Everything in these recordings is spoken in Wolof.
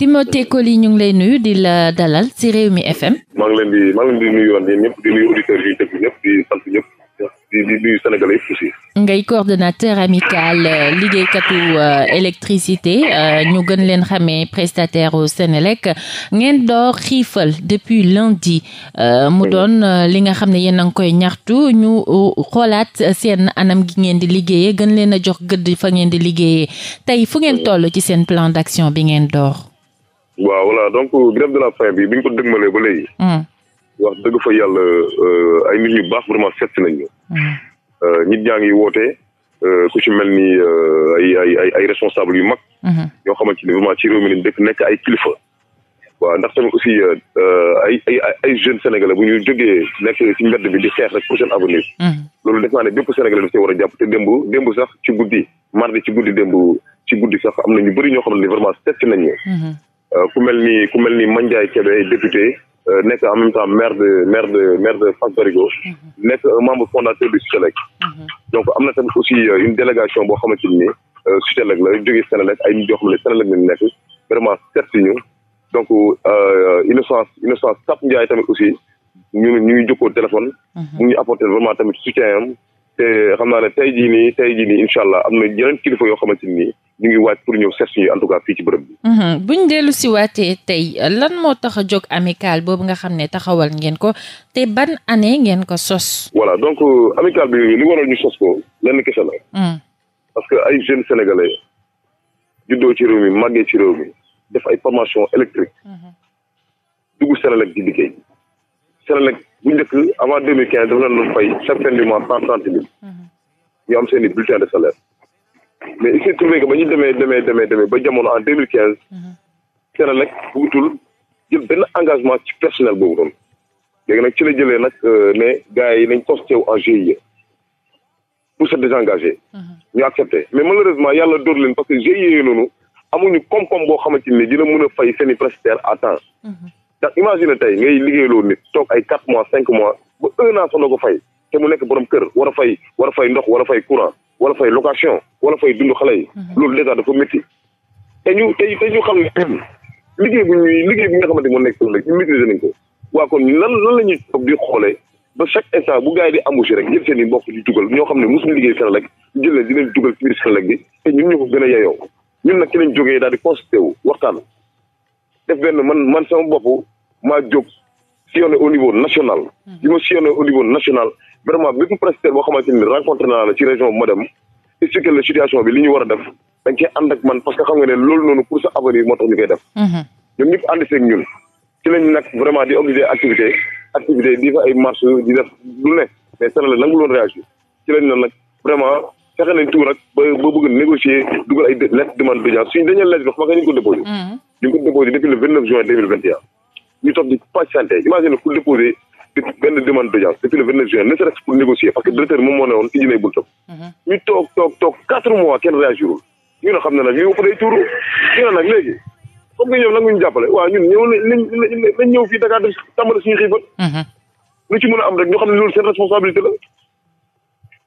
Timothée Coly ñu ngi lay nuyu di la dalal ci Rewmi FM. maa ngi leen di maa ngi leen di ngay coordonnateur amical euh, liggéeykatu euh, électricité euh, ñu gën leen xamee prestataire au senelek ngeen door xiifal depuis lundi mu doon li nga xam ne yéen a ngi koy ñaxtu ñu xoolaat seen anam gi ngeen di liggéeyee gën leen a jox gëdd fa ngeen di liggéeye tey fu ngeen toll ci seen plan d'action bi ngeen door. waaw voilà donc euh, grève de la faim bi bi ñu ko dëgmalee ba léegi. Hmm. wax dëgg fa yàlla euh, ay nit ñu baax vraiment set si nañu. Hmm. Euh, ñaa ngi woote ku ci mel ni ay ay ay ay responsable yu mag. ñoo hmm. xamante ni vraiment ci réew mi lañ dëkk nekk ay kilifa. waaw ndax tamit aussi ay ay ay jeunes sénégalais bu ñu jógee nekk ci mbedd bi di xeex rek pour seen avenir. loolu def naa ne bépp sénégalais daf see war a jàpp te démb démb sax ci guddi mardi ci guddi démb ci guddi sax am na ñu bari ñoo xam ne vraiment seet si nañu. Euh, ku mel ni ku mel ni Mandiaye Kébé député euh, nekk en même temps maire de maire de maire de Fass Barigo mhm. nekk un membre fondateur du Sutelec mhm. donc am na tamit aussi euh, une délégation boo xamante ni Sutelec la jógee Senelec ay nit yoo xam ne Senelec lañu nekk vraiment seet si ñu donc innocence innocence Sap Ndiaye tamit aussi ñu ñu ngi jokkoo téléphone mhm. mu ngi apporter vraiment tamit soutien am te xam naa ne tey jii nii tey jii nii incha allah am na yeneen kilifa yoo xamante ni ñu ngi waaj pour ñëw seet suñu en tout cas fii ci bërëb bi. Mhm. buñ dellu si waatee tey lan moo tax a jóg amicale boobu nga xam ne taxawal ngeen ko te ban année ngeen ko sos. voilà donc euh, amicale bi li waral ñu sos ko lenn kese la. Mhm. parce que ay jeunes sénégalais juddoo ci réew mi màggee ci réew mi def ay formation électrique mhm. dugg Senelec di liggéey Senelec bu njëkk avant deux mille quinze dafa leen doon fay chaque fin du mois cent trente mille ñu mhm. am seen i de salaire mais il s'est trouvé ba ñu demee demee demee demee ba jamono en deux mille quinze mhm. Senelec nag bugutul jël benn engagement ci personnel boobu noonu léegi nag ci la jëlee nag euh, ne gars yi nañ posté wu en GIE pour se désengager mhm. ñu accepté mais malheureusement yàlla dóor leen parce que GIE noonu amuñu koom-koom boo xamante ni dina mën a fay seen i ndax imagine tey ngay liggéeyloo nit toog ay quatre mois cinq mois ba un an ko fay te mu nekk borom kër war a fay war a fay ndox war a fay courant war a fay location war a fay dund xale yi mhm. loolu déjà dafa métti te xam ne liggéey bu ñuy liggéey bi nga xamante moo nekk ëllëg ñu maîtriser nañ ko waa kon lan lan toog di xoolee ba chaque instant bu gars yi di embauché rek jël seen i mbokk di dugal ñoo xam ne mosuñu liggéey Senelec ñu jël leen di leen dugal ci biir Senelec bi te ñun ñu ko gën a yeyoo ñun nag ci lañ jógee daal di constaté wu waxtaan def benn man man sama bopp maa jóg sillonné au niveau national. Hmm. bi ma sillonné au niveau national vraiment bépp prestataire boo xamante ni rencontré naa la ci région bu ma dem expliqué la situation bi li ñu war a def dañ cee ànd ak man parce que xam nga ne loolu noonu pour sa avenir moo tax ñu koy def. Hmm. ñoom ñëpp ànd seeg ñun ci lañ nag vraiment di organiser activité activité di fa ay marche di def lu ne mais Senelec nangu loon réagir ci lañ nag vraiment. ñu ngi depuis le 29 juin 2021 ñu toog di patienté imagine ku déposé benn demande d'audience depuis le 29 juin ne serait-ce pour négocier parce que directeur moom moo ne woon tijji mhm. ñu toog toog toog quatre mois kenn réagirul ñu ne xam ne nag li ëpp day ñu ne nag léegi comme que ñoom nag ñu jàppale waaw ñun ñëw nañ nañ ñëw fii Dakar def tàmbali suñu xiifal mhm. lu ci mën a am rek ñu xam ne loolu seen responsabilité la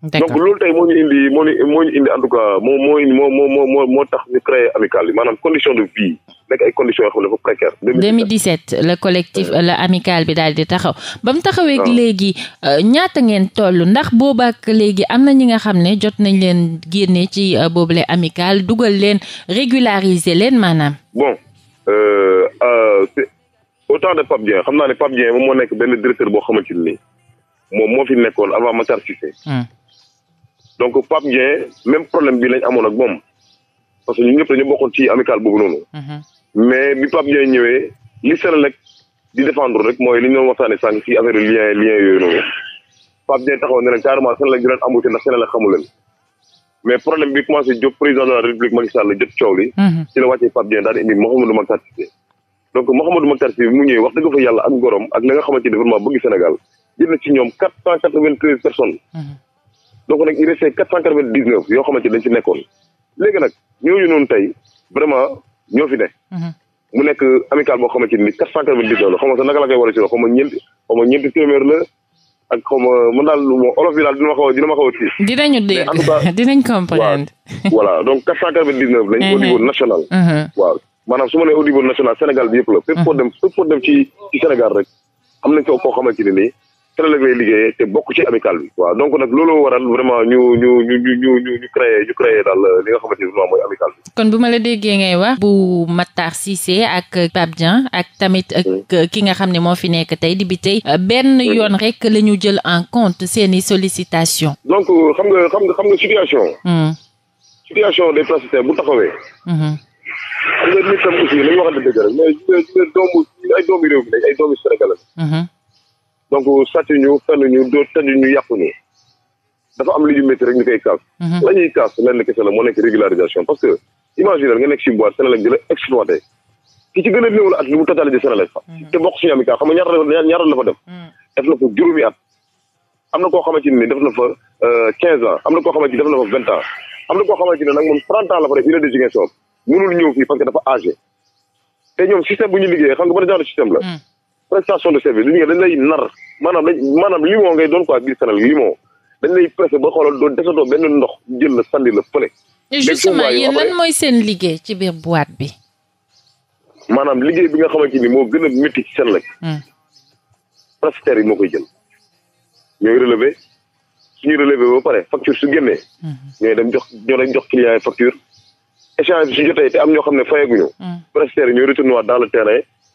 donc loolu tey moo ñu indi moo ñu moo ñu indi en moo moo moo moo moo moo tax ñu créé amicale yi maanaam condition de vie nekk ay conditions yoo xam ne dafa précaire. 2017 le collectif euh. la amicale bi daal di taxaw. ba mu taxawee ah. léegi euh, ñaata ngeen toll ndax boobaak léegi am na ñi nga xam ne jot nañ leen génne ci boobu euh, boobule amicale dugal leen régulariser leen maanaam. bon euh, euh, c'est au temps de Pape Dieng xam naa ne Pape Dieng moom moo nekk benn directeur boo xamante ni moom moo fi nekkoon donc Pape Ndiaye même problème bi lañ amoon ak moom parce que ñun ñëpp dañu bokkoon ci amical boobu noonu. Mhm. mais bi Pape Ndiaye ñëwee li Senelec di défendre rek mooy li ñu doon waxtaanee sànq ci affaire lien lien yooyu noonu Pape Ndiaye taxaw ne leen carrément Senelec coow li. Mhm. ci la wàccee Pape Ndiaye daal indi Mouhamadou Makhtar donc Mouhamadou Makhtar mu ñëwee wax dëgg fa yàlla ak gorom ak li nga xamante ni vraiment bëgg Sénégal jël ci ñoom quatre cent quatre-vingt-treize personnes. Mhm. donc nag il restait quatre cent quatre vingt dix yoo xamante ne dañ ci nekkoon léegi nag ñooñu noonu tey vraiment ñoo fi ne. Mhm. mu nekk amical boo xamante ni quatre cent quatre vingt la koy war a si wax ma ñeenti xaw ma ma mën daal dina ma xaw a dina ma xaw a tiis. dinañu dégg dinañ comprendre. voilà donc 499 lañ. au mhm. niveau national. Mhm. waaw maanaam su ma nee au national Sénégal bi yëpp la. fépp foo dem fépp foo dem ci Sénégal rek am nañ ko koo xamante ne nii télé la koy liggéeyee te bokk ci amical bi waaw donc nag loolu waral vraiment ñu ñu ñu ñu ñu ñu ñu créé ñu créé daal li nga xamante ni moom mooy amical bi kon bu ma la déggee ngay wax bu Matar Cissé ak Pape Dieng ak tamit mm. ki nga xam ne moo fi nekk tey di bi tey euh, benn mm. yoon rek la ñu jël en compte seeni sollicitation donc xam nga xam nga xam nga situation mm. situation des bu taxawee mm-hmm. donc sàccuñu fenuñu doo tëjuñu yàquñu dafa am lu ñu métti rek ñu koy kaas. Mhm. la ñuy kaas lenn kese la moo nekk régularisation parce que imaginer nga nekk si boîte Senelec di la exploité ki ci gën a at li mu totalité Senelec fa mhm. te bokk suñu amica xam nga ñaar ñaar la fa def. Mhm. def na fa juróomi at am na koo xamante ni def na fa euh, quinze ans am na koo xamante ni def na fa vingt ans am na koo xamante ni nag moom trente ans la fa def il de jigéen bu ñu liggéeyee xam nga ban genre la. prestation de service liggéey dañ lay nar maanaam dañ maanaam limon ngay doon quoi biir Sénégal limon dañ lay pressé ba xoolal doo desatoo benn ndox jël la sànni la fële. mais justement mooy seen liggéey ci biir boîte bi. maanaam liggéey bi nga xamante ni moo gën a métti ci Sénégal. Hmm. prestataires yi moo koy jël ñooy relevé suñuy relevé ba pare facture su génnee. Hmm. ñooy dem jox ñoo dem jox client yi facture échange su jotee te am ñoo xam ne fayaguñu. Hmm. prestataires yi ñooy retourné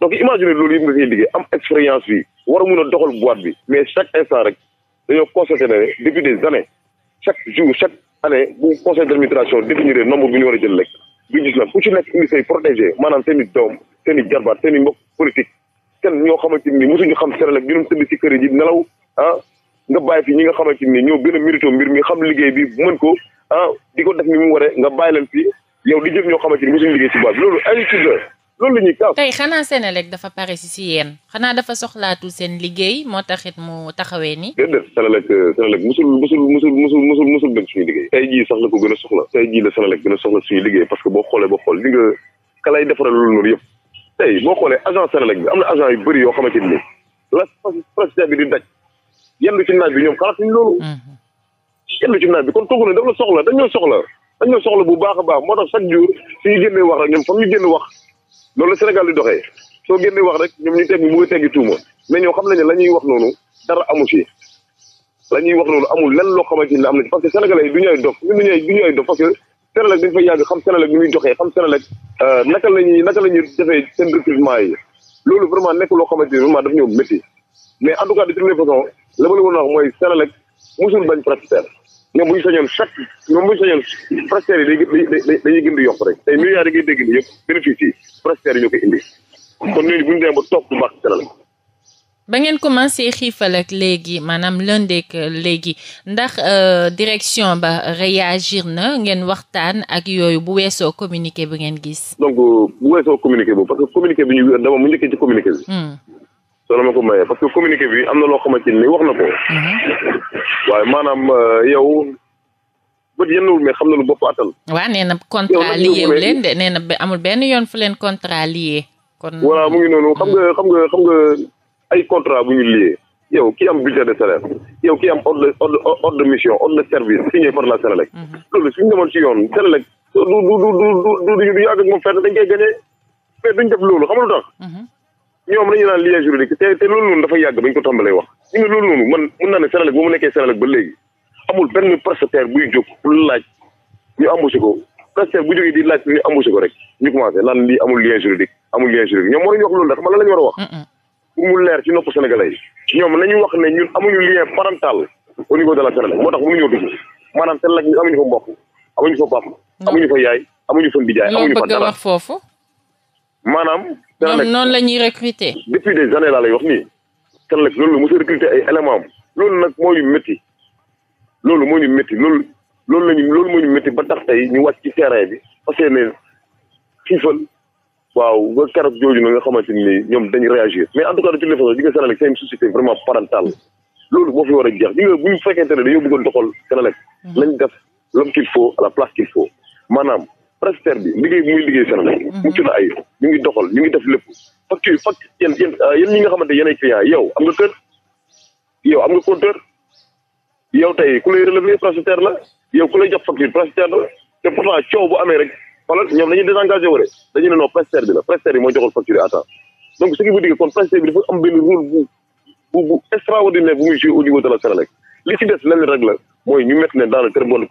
donc imaginer loolu yëpp nga ciy liggéey am expérience bi war a mun a doxal boîte bi mais chaque instant rek dañoo constaté ne depuis des années chaque jour chaque année bu conseil administration définir nombre bi ñu war a jël rek bi gis ku ci nekk indi say protégé maanaam seen i doom seen i jarbaat seen i mbokk politique kenn ñoo xamante ni mosuñu xam Senelec ñu doon tëdd ci kër yi nelaw ah, nga bàyyi fi ñi nga xamante ni ñoo gën a xam liggéey bi mën ko ah di ko ñoo xamante ni loolu la ñuy kaw. tey xanaa Senelec dafa pare si si yéen xanaa dafa soxlaatul seen liggéey moo taxit mu taxawee ni déedéet Senelec Senelec musul musul musul musul musul musul dem suñu liggéey tey jii la ko gën a soxla tey jii la liggéey parce que boo xoolee boo xool li nga ka lay defaral yëpp tey boo xoolee agent Senelec bi am na agent yu bëri yoo xamante ni la procédure bi di daj yenn ci naaj bi ñoom xalaatuñ loolu mhm. yenn ci naaj bi kon toogu ne daf la soxla dañoo soxla dañoo soxla bu baax a baax moo tax chaque jour suñu génnee wax rek ñoom fa ñu génn wax loolu la Sénégal di doxee soo génnee wax rek ñoom ñu teg mu ngi teggi tuuma mais ñoo xam nañ ne la ñuy wax noonu dara amu ci la ñuy wax noonu amul lenn loo xamante ni am na ci parce que sénégalais yi du ñu ay dof ñun du ñu ay dof parce que Senelec dañ fay yàgg xam Senelec ni muy doxee xam Senelec euh, naka la ñuy naka la ñuy defee seen recrutement yi loolu vraiment nekk loo xamante ni vraiment daf ñoo métti mais en tout cas de la ma la mën a wax mooy Senelec musul ñoom bu ñu sañoon chaque yi day dañuy yokk rek tey milliards yi ngay dégg nii yëpp bénéfice yi yi ñoo koy indi kon ñooñu bu ñu demee ba toog bu baax dara la. ba ngeen commencé xiifal ak léegi maanaam lëndeek léegi ndax euh, direction ba réagir na ngeen waxtaan ak yooyu bu weesoo communiqué bi ngeen gis. donc bu weesoo communiqué boobu parce que communiqué bi ñu dama mu njëkkee ci communiqué bi. Hmm. soo ma ko mayee parce que communiqué bi am na loo xamante ni wax na ko. Mhm. waaye maanaam euh, yow bët yennuwul mais xam na lu bopp atal. waaw nee na contrat lié wu leen de nee na amul benn yoon fu leen contrat lié. kon mu ngi noonu xam nga mm. xam nga xam nga ay contrat bu ñu lié yow ki am budget de salaire yow ki am ordre ordre de mission ordre de service signé par la Sénélec. Mm-hmm. loolu suñu demoon ci yoon Sénélec du du du du du du yàgg ak dañ koy gagné mais loolu xam nga lu tax. Mm-hmm. ñoom dañu naan lien juridique te te loolu noonu dafa yàgg bañ ko tàmbalee wax ñu ngi loolu noonu man mun naa ne Senelec bu mu nekkee Senelec ba léegi amul benn prestataire buy jóg pour laaj ñu embauché ko prestataire bu jógee di laaj ñu embauché ko rek ñu commencé naan lii amul lien juridique amul lien juridique ñoom waruñu wax loolu ndax man lan la ñu war a wax pour mu leer ci nopp sénégalais yi ñoom nañu wax ne ñun amuñu lien parental au niveau de la Senelec moo tax mënu ñoo dugg maanaam Senelec ñun amuñu fa mbokk amuñu fa papa amuñu fa yaay amuñu fa ndijaay amuñu fa dara maanaam noonu la ñuy recruter. depuis des années laa lay wax nii. Senelec loolu la mos a ay éléments am loolu nag moo ñu métti loolu moo ñu métti loolu loolu la ñu moo ñu metti ba tax tey ñu wàcc ci terrain bi parce que ne xiifal waaw ba keroog jooju na nga xamante ni ñoom dañ réagir mais en tout cas de toutes les façons di nga Senelec seen société vraiment parentale loolu moo fi war a jeex di nga bu ñu fekkente ne dañoo bëggoon doxal Senelec lañ mm-hmm. def l'homme qu'il la place maanaam. prestataire bi liggéey bi muy liggéey Sénégal mhm. mucc ñu ngi doxal ñu ngi def lépp facture facture yéen yéen euh, yéen ñi nga xamante yéen ay client yow am nga kër yow am nga compteur yow tey ku lay relevé prestataire la yow ku lay jox facture la te pourtant coow bu rek wu dañu ne non prestataire bi la prestataire bi mooy joxal facture à temps donc ce qui bi dafa am benn rôle bu bu bu li ci des la mooy ñu mettre ne dans de très bonnes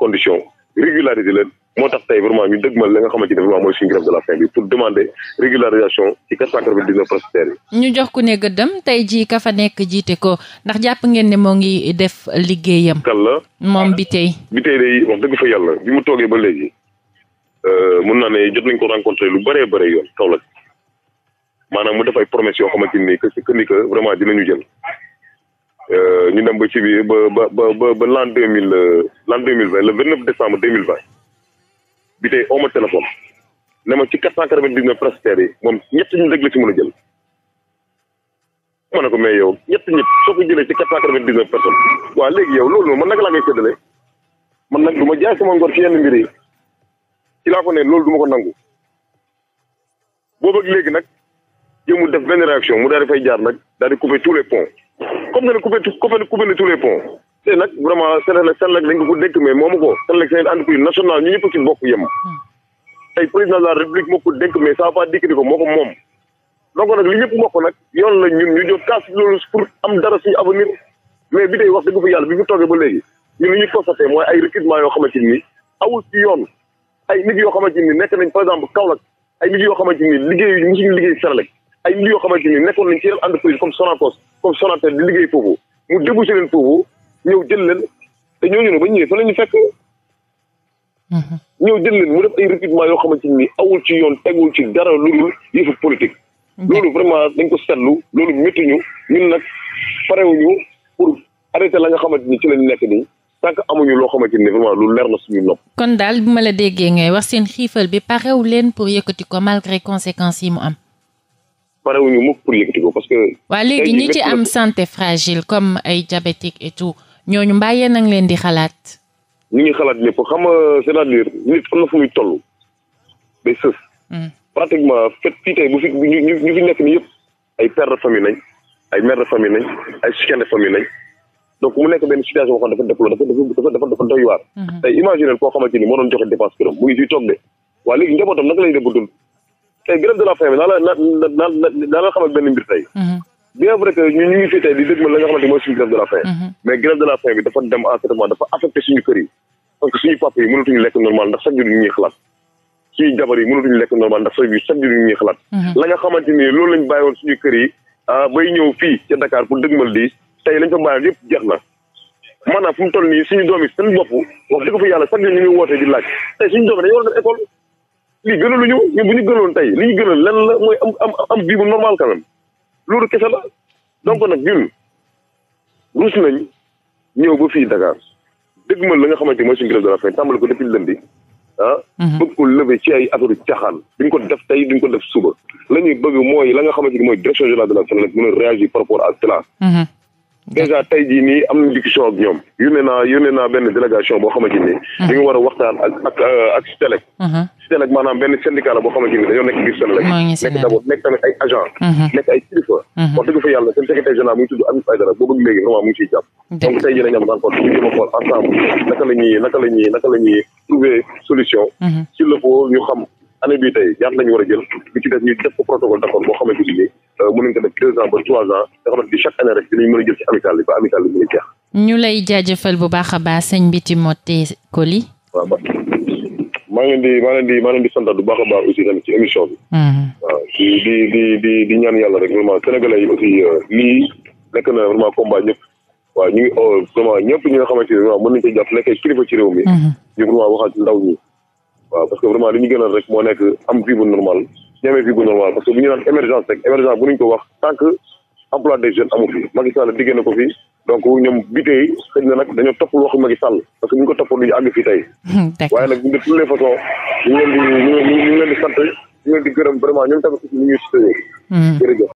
régulariser leen moo tax tey vraiment ñu dëgmal li nga xamante ne vraiment mooy suñu grève de la faim bi pour demander régularisation ci 499 prestataires yi. ñu jox ku ne gëddam tey jii ka fa nekk jiite ko ndax jàpp ngeen ne moo ngi def liggéeyam. kan la moom bi tey. bi tey day wax dëgg fa yàlla bi mu toogee ba léegi euh, mun naa ne jot nañ ko rencontré lu bëree bëri yoon Kaolack maanaam mu def ay promesses yoo xamante ni que que ni vraiment dinañu jël. Euh, ñu dem ba ci biir ba ba ba ba l'an deux mille euh, l'an deux mille vingt le vingt neuf décembre deux mille vingt bi tey oo ma téléphone ne ma ci quatre cent quatre vingt dix neuf prestataires yi moom ñett ñun rek la mun a jël. ma ne ko mais yow ñett ñett soo ko jëlee ci quatre cent quatre vingt dix neuf personnes waaw léegi yow loolu man naka laa koy séddale man nag du ma jaay sama ngor ci yenn mbir yi ci laa ko ne loolu du ma ko nangu boobu ak léegi nag jëmu def benn réaction mu daal jaar nag daal di couper les ponts. comme que ne coupé coupé coupé na tous les ponts te nag vraiment Senelec Senelec dañ ko dëkk mais moomu ko Senelec seen entreprise ñu ñëpp ci bokk yem hmm. tey président de la république moo ko dëkk mais ça va dikk ni ko moo ko moom donc nag li ñëpp bokk nag yoon la ñun ñu jóg kaas loolu pour am dara suñu avenir mais bi tey wax dëgg fa yàlla bi ñu toogee ba léegi ñun li ñu constaté mooy ay recrutement yoo xamante ni awul ci yoon ay nit yoo xamante ni nekk nañ par ay millions xamante ni nekkoon nañ ci yeneen entreprise comme Sonacos di liggéey foofu mu débouché leen foofu ñëw jël leen te ñooñu ne ba ñëwee fa la ñu fekk. Mhm. ñëw jël leen mu def ay recrutement yoo xamante ni awul ci yoon tegul ci dara lu dul yëfu politique. loolu vraiment dañ ko seetlu loolu métti ñu ñu nag parewuñu pour arrêter la nga xamante ni ci lañ nekk nii. tant que amuñu loo xamante ni vraiment lu leer na suñu nopp. kon daal bu ma la déggee ngay wax seen xiifal bi parewu leen pour yëkkati ko malgré conséquences yi parewuñu mukk pour yëkkati ko parce que. waa léegi ñi ci am santé fragile comme ay diabétique et ñooñu mbàyyee nag leen di xalaat. ñu ngi xalaat lépp xam nga c'est-à-dire nit am na fu muy toll day sës. Hmm. pratiquement fii tey bu fi ñu ñu fi nekk nii yëpp ay père de famille nañ ay mère de famille nañ ay soutien de famille nañ donc mu nekk benn situation dafa def dafa dafa dafa dafa doy waar. Hmm. tey imaginer koo xamante ni moo doon joxe dépense këram mu ngi fii tey grève de la faim bi naa la na na naa la xamal benn mbir tey mhm. bien vrai que ñun ñu ngi fii tey di dégg ma la nga xamante mooy suñu grève de la faim mhm. mais grève de la faim bi dafa dem en ce moment dafa affecté suñu kër yi parce que suñu papa yi mënatuñu lekk normal ndax chaque jour ñu ñuy xalaat suñu jabar yi mënatuñu lekk normal ndax chaque jour chaque jour ñu ñuy xalaat mhm. la nga xamante ni loolu lañ bàyyi woon suñu kër yi ah, bay ñëw fii ca Dakar pour dëgmal di tey lañ fa bàyyi yëpp jeex na maanaam fu mu toll nii suñu doom yi seen bopp wax dëgg fa yàlla chaque jour ñu ngi wootee di laaj tey suñu doom yi dañu war a dem école lii gënalu ñu ñu bu ñu gënoon tey li ñu gënal lan la mooy am am am vie bu normal quand même loolu kese la donc nag ñun ruus nañ ñëw ba fii Dakar dëgg ma la nga xamante ni mooy suñu grève de la faim tàmbali ko depuis lundi ah. Mhm. bëgg ko lever ci ay affaire caaxaan. duñ ko def tey duñ ko def suba. la ñuy bëgg mooy la nga xamante ni mooy direction générale de la faim nag mën a réagir par rapport à cela. Mhm. déjà tey jii nii am na discussion ak ñoom yónnee naa ne naa benn délégation boo xamante ni. ñu war a waxtaan ak ak euh, ak Sutelec. Sutelec maanaam benn syndicat la boo xamante ni dañoo nekk biir Senelec. nekk d'abord nekk ay agent nekk ay fa yàlla seen secrétaire général mu ngi tudd Abib Aïdara boobu ak léegi vraiment mu ngi ciy jàpp. donc tey jii dañu am rencontre ñu jéem a xool ensemble naka la ñuy naka la ñuy naka solution. si le faut ñu xam année bii tey ñaata la ñu war a jël li ci def ñu def ko protocole boo xamante ni. Euh, mën nañu ko def deux ans ba trois ans nga xamante ni chaque année rek dinañ mën a jël ci amical bi ba amical bi mën a jeex. ñu lay jaajëfal bu baax a baax sëñ bi Timothée Coly. maa maa di maa leen di maa leen di baax a baax aussi ci émission bi. Hmm. di di ñaan yàlla rek vraiment sénégalais yi aussi euh, lii nekk na vraiment combat ñëpp. waaw ñu ngi oh, vraiment ñëpp ñi nga xamante ni vraiment mën nañu cee jàpp nekkee kilifa ci réew mi. Hmm. ñu vraiment waxal ci ndaw ñi. waaw parce que vraiment li ñu gënal rek moo nekk am demee fii bu normal parce que bu ñu naan émergence rek émergence bu ñu ko wax tant que emploi des jeunes amu fi Macky Sall na ko fi donc ñoom bi tey na nag dañoo toppul waxu Macky parce que bu ñu ko toppoon duñu àgg fii tey hmm, waaye nag de toutes les façons ñu ngi leen di ñu ngi leen di sant ñu ngi leen di gërëm vraiment ñoom tamit ñu ngi hmm. jërëjëf